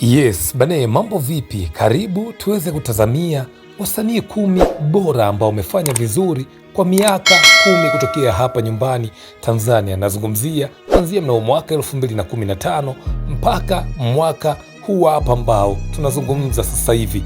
Yes bane, mambo vipi? Karibu tuweze kutazamia wasanii kumi bora ambao wamefanya vizuri kwa miaka kumi kutokea hapa nyumbani Tanzania. Nazungumzia kuanzia mnamo mwaka 2015 mpaka mwaka huu hapa ambao tunazungumza sasa hivi.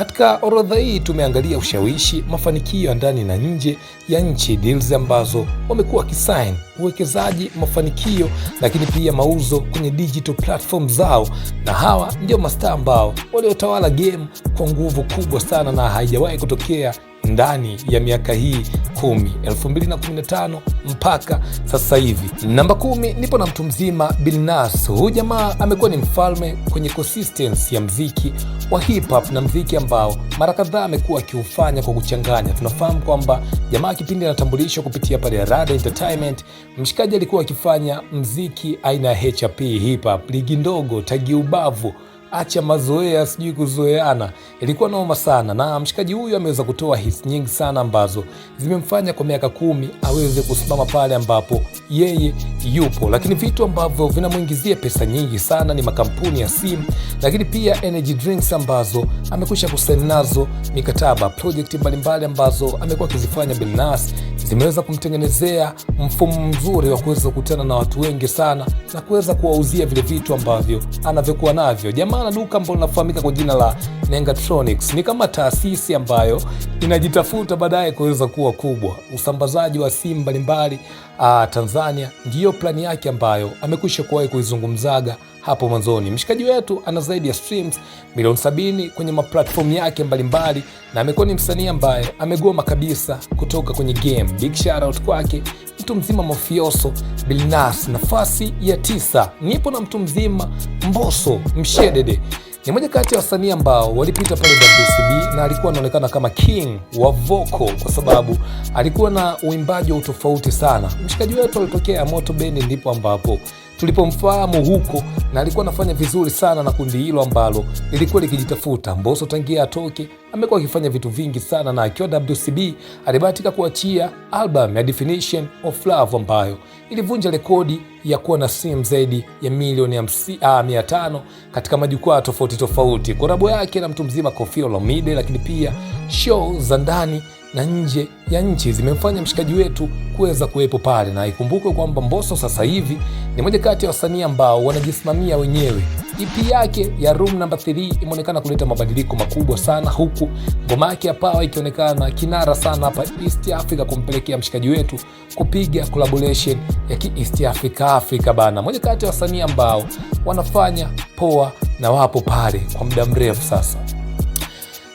Katika orodha hii tumeangalia ushawishi, mafanikio ya ndani na nje ya nchi, deals ambazo wamekuwa kisign, uwekezaji, mafanikio, lakini pia mauzo kwenye digital platform zao, na hawa ndio mastaa ambao waliotawala game kwa nguvu kubwa sana, na haijawahi kutokea ndani ya miaka hii kumi 2015 mpaka sasa hivi. Namba kumi, nipo na mtu mzima Billnass. Huyu jamaa amekuwa ni mfalme kwenye consistency ya mziki wa hip hop na mziki ambao mara kadhaa amekuwa akiufanya kwa kuchanganya. Tunafahamu kwamba jamaa kipindi anatambulishwa kupitia pale ya Rada Entertainment, mshikaji alikuwa akifanya mziki aina ya HP hip hop, ligi ndogo, tagi ubavu acha mazoea, sijui kuzoeana. Ilikuwa noma sana, na mshikaji huyu ameweza kutoa hits nyingi sana ambazo zimemfanya kwa miaka kumi aweze kusimama pale ambapo yeye yupo, lakini vitu ambavyo vinamwingizia pesa nyingi sana ni makampuni ya simu, lakini pia energy drinks ambazo amekwisha kusaini nazo mikataba. Projekti mbalimbali ambazo amekuwa akizifanya binafsi zimeweza kumtengenezea mfumo mzuri wa kuweza kukutana na watu wengi sana na kuweza kuwauzia vile vitu ambavyo anavyokuwa navyo. Jamaa na duka ambalo linafahamika kwa jina la Nengatronics, ni kama taasisi ambayo inajitafuta baadaye kuweza kuwa kubwa, usambazaji wa simu mbalimbali aa, ah, Tanzania ndiyo plani yake ambayo amekwisha kuwahi kuizungumzaga hapo mwanzoni. Mshikaji wetu ana zaidi ya streams milioni sabini kwenye maplatform yake mbalimbali, na amekuwa ni msanii ambaye amegoma kabisa kutoka kwenye game. Big shout out kwake mtu mzima Mafioso Bilnas, nafasi ya tisa. Nipo na mtu mzima Mboso Mshedede ni moja kati ya wasanii ambao walipita pale WCB na alikuwa anaonekana kama king wa vocal kwa sababu alikuwa na uimbaji wa utofauti sana. Mshikaji wetu alitokea Moto Bendi, ndipo ambapo tulipomfahamu huko, na alikuwa anafanya vizuri sana na kundi hilo ambalo lilikuwa likijitafuta. Mbosso tangia atoke amekuwa akifanya vitu vingi sana, na akiwa WCB alibahatika kuachia album ya Definition of Love ambayo ilivunja rekodi ya kuwa na simu zaidi ya milioni ah, mia tano katika majukwaa tofauti tofauti. korabu yake na mtu mzima Koffi Olomide, lakini pia show za ndani na nje ya nchi zimemfanya mshikaji wetu kuweza kuwepo pale, na ikumbukwe kwamba Mbosso sasa hivi ni moja kati ya wasanii ambao wanajisimamia wenyewe. EP yake ya Room Number 3 imeonekana kuleta mabadiliko makubwa sana, huku ngoma yake ya Pawa ikionekana kinara sana hapa East Africa, kumpelekea mshikaji wetu kupiga collaboration ya ki East Africa Africa bana, moja kati ya wasanii ambao wanafanya poa na wapo pale kwa muda mrefu sasa.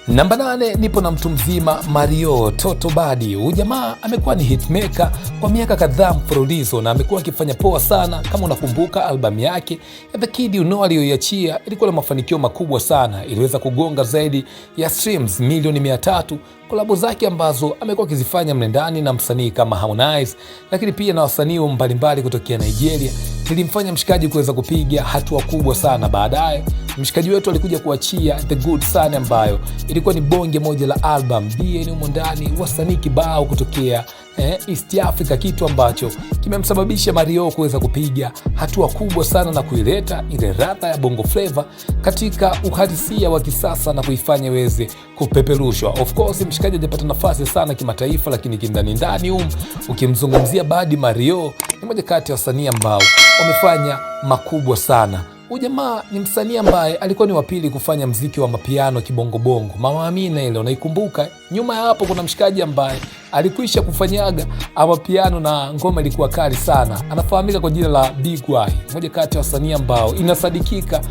Namba nane, nipo na mtu mzima Mario Toto Badi. Huyu jamaa amekuwa ni hitmaker kwa miaka kadhaa mfululizo na amekuwa akifanya poa sana. Kama unakumbuka albamu yake ya The Kid You Know aliyoiachia ilikuwa na mafanikio makubwa sana, iliweza kugonga zaidi ya streams milioni mia tatu kolabo zake ambazo amekuwa akizifanya mle ndani na msanii kama Harmonize, lakini pia na wasanii mbalimbali kutokea Nigeria nilimfanya mshikaji kuweza kupiga hatua kubwa sana. Baadaye mshikaji wetu alikuja kuachia The Good Son ambayo ilikuwa ni bonge moja la album DNA humo ndani wasanii kibao kutokea eh, East Africa, kitu ambacho kimemsababisha mario kuweza kupiga hatua kubwa sana na kuileta ile ladha ya Bongo Flava katika uhalisia wa kisasa na kuifanya iweze kupeperushwa. Of course mshikaji hajapata nafasi sana kimataifa, lakini kindani ndani um, ukimzungumzia Badi mario ni moja kati ya wasanii ambao wamefanya makubwa sana. Huyu jamaa ni msanii ambaye alikuwa ni wa pili kufanya mziki wa mapiano kibongobongo, Mama Amina ile unaikumbuka. Nyuma ya hapo kuna mshikaji ambaye alikwisha kufanyaga amapiano na ngoma ilikuwa kali sana, anafahamika kwa jina la Big Y, moja kati ya wasanii ambao inasadikika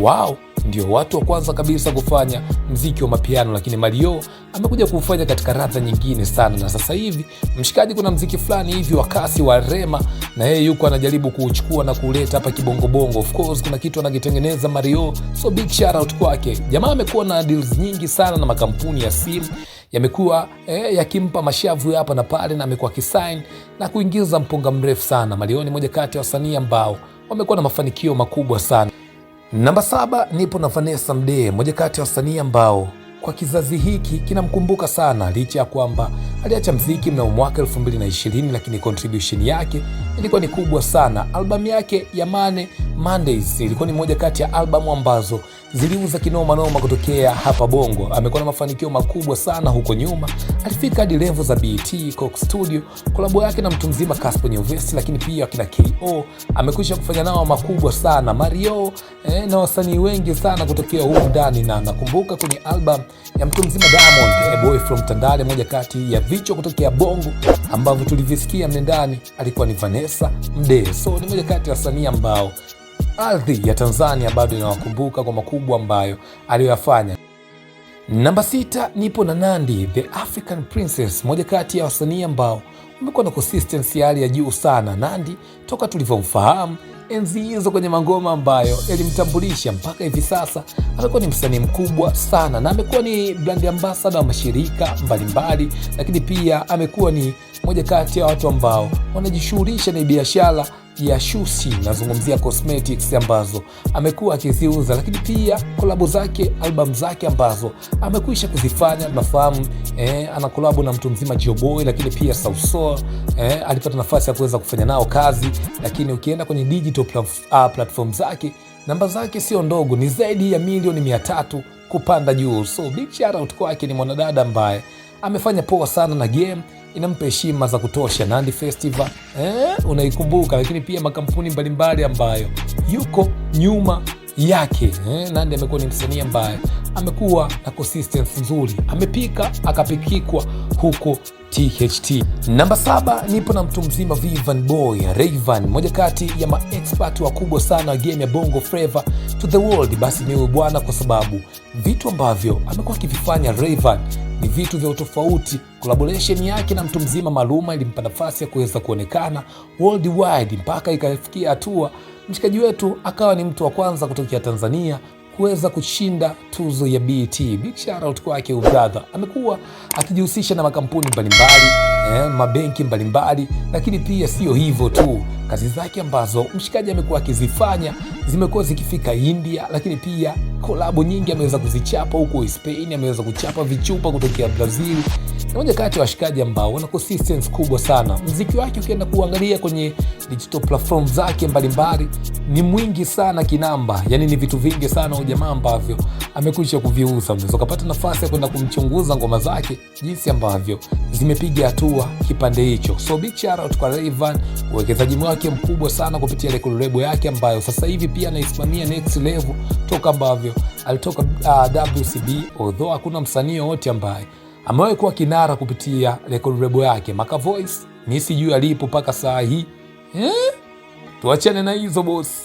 wao ndio watu wa kwanza kabisa kufanya mziki wa mapiano, lakini Mario amekuja kuufanya katika radha nyingine sana, na sasa hivi mshikaji, kuna mziki fulani hivi wa kasi wa Rema na yeye yuko anajaribu kuuchukua na kuleta hapa kibongobongo. Of course kuna kitu anakitengeneza Mario, so big shout out kwake. Jamaa amekuwa na deals nyingi sana na makampuni ya simu yamekuwa eh, yakimpa mashavu hapa na pale, na amekuwa kisign na kuingiza mpunga mrefu sana. Mario ni moja kati ya wasanii ambao wamekuwa na mafanikio makubwa sana. Namba saba, nipo na Vanessa Mdee, moja kati ya wasanii ambao kwa kizazi hiki kinamkumbuka sana, licha ya kwamba aliacha mziki mnamo mwaka 2020 lakini contribution yake ilikuwa ni kubwa sana. Albamu yake ya Mane Mondays ilikuwa ni moja kati ya albamu ambazo ziliuza kinoma noma kutokea hapa Bongo. Amekuwa na mafanikio makubwa sana huko nyuma, alifika hadi levo za BET, Coke Studio, kolabo yake na mtu mzima Casper Nyovesi, lakini pia akina KO amekwisha kufanya nao makubwa sana Mario eh, na wasanii wengi sana kutokea huko ndani, na nakumbuka kwenye album ya mtu mzima Diamond, eh, Boy From Tandale, moja kati ya vichwa kutokea Bongo ambavyo tulivisikia mle ndani alikuwa ni Vanessa Mdee. So ni moja kati ya wasanii ambao ardhi ya Tanzania bado inawakumbuka kwa makubwa ambayo aliyoyafanya. Namba sita, nipo na nandi the African Princess, moja kati ya wasanii ambao umekuwa na consistency hali ya juu sana. nandi toka tulivyomfahamu enzi hizo kwenye mangoma ambayo yalimtambulisha mpaka hivi sasa amekuwa ni msanii mkubwa sana, na amekuwa ni brand ambassador wa mashirika mbalimbali mbali, lakini pia amekuwa ni moja kati ya watu ambao wanajishughulisha na biashara ya Shushi, nazungumzia cosmetics ambazo amekuwa akiziuza, lakini pia kolabo zake, albamu zake ambazo amekwisha kuzifanya. Tunafahamu eh, ana kolabo na mtu mzima Joboy, lakini pia Sauso eh, alipata nafasi ya kuweza kufanya nao kazi, lakini ukienda kwenye digital uh, ah, platform zake namba zake sio ndogo, ni zaidi ya milioni mia tatu kupanda juu. So big shout out kwake, ni mwanadada ambaye amefanya poa sana na game inampa heshima za kutosha Nandi Festival eh, unaikumbuka, lakini pia makampuni mbalimbali ambayo yuko nyuma yake eh. Nandi amekuwa ni msanii ambaye amekuwa na consistency nzuri, amepika akapikikwa huko THT. Namba saba nipo na mtu mzima Vivan Boy Rayvan, moja kati ya maexpert wakubwa sana wa game ya Bongo Flava to the world. Basi niwe bwana, kwa sababu vitu ambavyo amekuwa akivifanya Rayvan vitu vya utofauti. Collaboration yake na mtu mzima Maluma ilimpa nafasi ya kuweza kuonekana worldwide mpaka ikafikia hatua mshikaji wetu akawa ni mtu wa kwanza kutokea Tanzania kuweza kushinda tuzo ya BET. Big shout out kwake ubradha, amekuwa akijihusisha na makampuni mbalimbali eh, mabenki mbalimbali, lakini pia sio hivyo tu, kazi zake ambazo mshikaji amekuwa akizifanya zimekuwa zikifika India, lakini pia kolabo nyingi ameweza kuzichapa huko Spain, ameweza kuchapa vichupa kutokea Brazil. Ni moja kati ya washikaji ambao wana consistency kubwa sana. Mziki wake ukienda kuangalia kwenye digital platform zake mbalimbali ni mwingi sana kinamba, yani ni vitu vingi sana jamaa ambavyo amekwisha kuviuza. Unaweza ukapata nafasi ya kwenda kumchunguza ngoma zake jinsi ambavyo zimepiga hatua kipande hicho. So big shout out kwa Rayvan, uwekezaji wake mkubwa sana kupitia record label yake ambayo sasa hivi pia anaisimamia next level toka ambavyo alitoka uh, ah, WCB, although hakuna msanii yoyote ambaye amewahi kuwa kinara kupitia record label yake. Maka Voice mimi sijui alipo mpaka saa hii eh? tuachane na hizo bosi.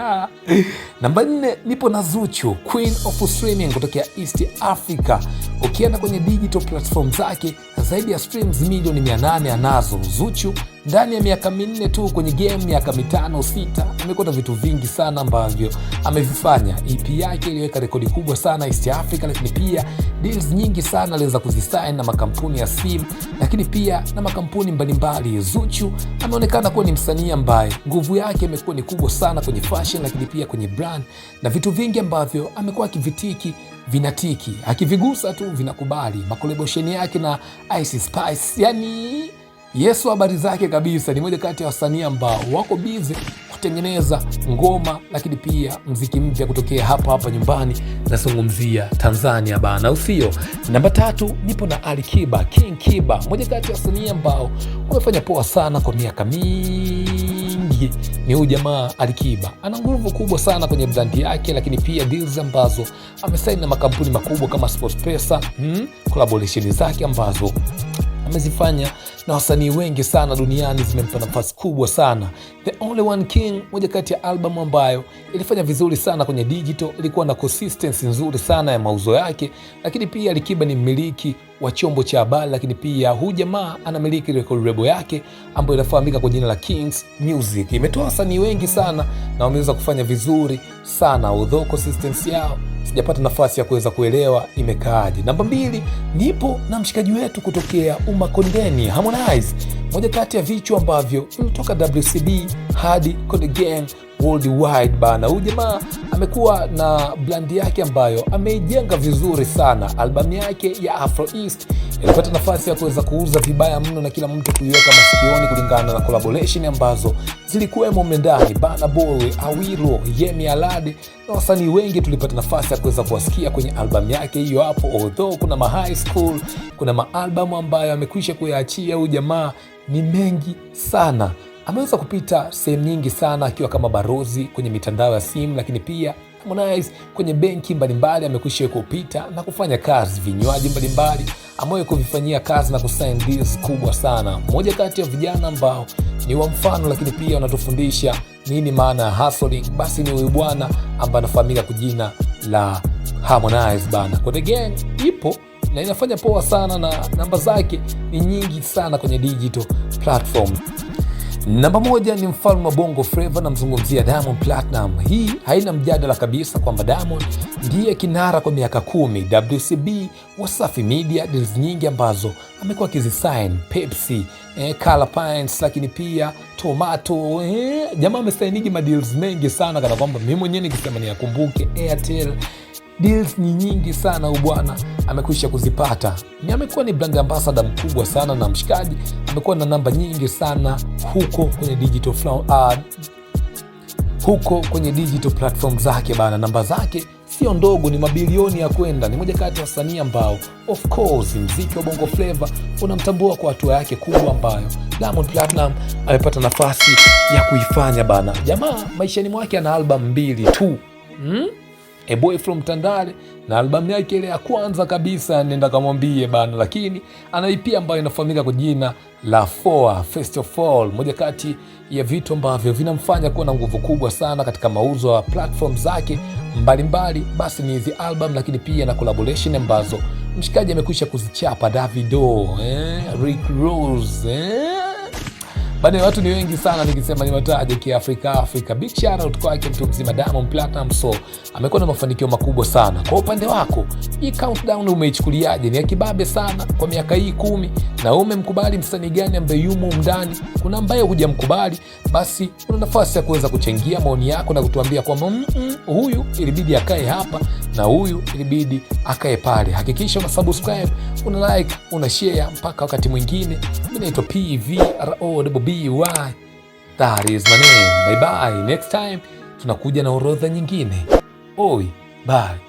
Namba nne nipo na Zuchu Queen of swimming kutokea East Africa. Ukienda kwenye digital platform zake, zaidi ya streams milioni 800 anazo Zuchu. Ndani ya miaka minne tu kwenye game, miaka mitano sita, amekuta vitu vingi sana ambavyo amevifanya. EP yake iliweka rekodi kubwa sana East Africa, lakini pia deals nyingi sana aliweza kuzisign na makampuni ya simu, lakini pia na makampuni mbalimbali. Zuchu ameonekana kuwa ni msanii ambaye nguvu yake imekuwa ni kubwa sana kwenye fashion, lakini pia kwenye brand na vitu vingi ambavyo amekuwa akivitiki vinatiki, akivigusa tu vinakubali makolebosheni yake na Ice Spice. Yani Yesu habari zake kabisa. Ni moja kati ya wasanii ambao wako bize kutengeneza ngoma, lakini pia mziki mpya kutokea hapa hapa nyumbani. Nazungumzia Tanzania bana, usio namba tatu. Nipo na Ali Kiba, King Kiba, moja kati ya wasanii ambao wamefanya poa sana kwa miaka mingi mchezaji ni huyu jamaa Alikiba. Ana nguvu kubwa sana kwenye brandi yake, lakini pia deals ambazo amesaini na makampuni makubwa kama SportPesa, hmm, collaboration zake ambazo amezifanya na wasanii wengi sana duniani zimempa nafasi kubwa sana. The Only One King, moja kati ya albamu ambayo ilifanya vizuri sana kwenye digital, ilikuwa na consistency nzuri sana ya mauzo yake, lakini pia Alikiba ni mmiliki wa chombo cha habari, lakini pia huyu jamaa anamiliki rekodi rebo yake ambayo inafahamika kwa jina la Kings Music. Imetoa wasanii wengi sana na wameweza kufanya vizuri sana, although consistency yao sijapata nafasi ya kuweza kuelewa imekaaje. Namba mbili, nipo na mshikaji wetu kutokea Umakondeni, Harmonize, moja kati ya vichwa ambavyo vimetoka WCB hadi Konde Gang worldwide bana. Huyu jamaa amekuwa na blandi yake ambayo ameijenga vizuri sana. Albamu yake ya Afro East ilipata nafasi ya kuweza kuuza vibaya mno na kila mtu kuiweka masikioni kulingana na collaboration ambazo zilikuwemo mlendani. Bana Boy, Awiro, Yemi Alade na wasanii wengi tulipata nafasi ya kuweza kuwasikia kwenye albamu yake hiyo hapo. Although kuna ma high school, kuna maalbamu ambayo amekwisha kuyaachia huyu jamaa ni mengi sana ameweza kupita sehemu nyingi sana akiwa kama barozi kwenye mitandao ya simu, lakini pia Harmonize kwenye benki mbalimbali amekwisha kupita na kufanya kazi vinywaji mbalimbali ambayo kuvifanyia kazi na kusign deals kubwa sana. Mmoja kati ya vijana ambao ni wa mfano, lakini pia wanatufundisha nini maana ya hustling, basi ni huyu bwana ambaye anafahamika kwa jina la Harmonize bana. the Gang ipo na inafanya poa sana na namba zake ni nyingi sana kwenye digital platform. Namba moja ni mfalme wa Bongo Flava, namzungumzia Diamond Platinum. Hii haina mjadala kabisa kwamba Diamond ndiye kinara kwa miaka kumi. WCB, Wasafi Media, deals nyingi ambazo amekuwa akizisain Pepsi, eh, Color Pines, lakini pia Tomato eh, jamaa amesainigi madeals mengi sana kana kwamba mimi mwenyewe nikisema niyakumbuke Airtel deals ni nyingi sana ubwana amekwisha kuzipata. Ni amekuwa ni brand ambassador mkubwa sana na mshikaji, amekuwa na namba nyingi sana huko kwenye digital flow, uh, ah, huko kwenye digital platform zake bana, namba zake sio ndogo, ni mabilioni ya kwenda. Ni moja kati ya wasanii ambao of course mziki wa bongo flavor unamtambua kwa hatua yake kubwa ambayo Diamond Platinum amepata nafasi ya kuifanya bana. Jamaa maishani mwake ana albamu mbili tu hmm? A Boy From Tandale na albamu yake ile ya kwanza kabisa nenda kamwambie bana, lakini anaipia e ambayo inafahamika kwa jina la Foa First of All, moja kati ya vitu ambavyo vinamfanya kuwa na nguvu kubwa sana katika mauzo ya platform zake mbalimbali mbali, basi ni hizi album lakini pia na collaboration ambazo mshikaji amekwisha kuzichapa Davido eh, Rick Ross eh bado watu ni wengi sana, nikisema ni niwataje kiafrika Afrika. Big shout out kwake mtu mzima Diamond Platinum, so amekuwa na mafanikio makubwa sana. Kwa upande wako, hii countdown umeichukuliaje? Ni ya kibabe sana kwa miaka hii kumi, na umemkubali msanii gani ambaye yumo mndani? Kuna ambaye hujamkubali, basi una nafasi ya kuweza kuchangia maoni yako na kutuambia kwamba mm -mm, huyu ilibidi akae hapa na huyu ilibidi akae pale. Hakikisha una subscribe, una like, una share. Mpaka wakati mwingine, mimi naitwa PVRO BY that is my name. Bye bye. Next time tunakuja na orodha nyingine. Oi, bye.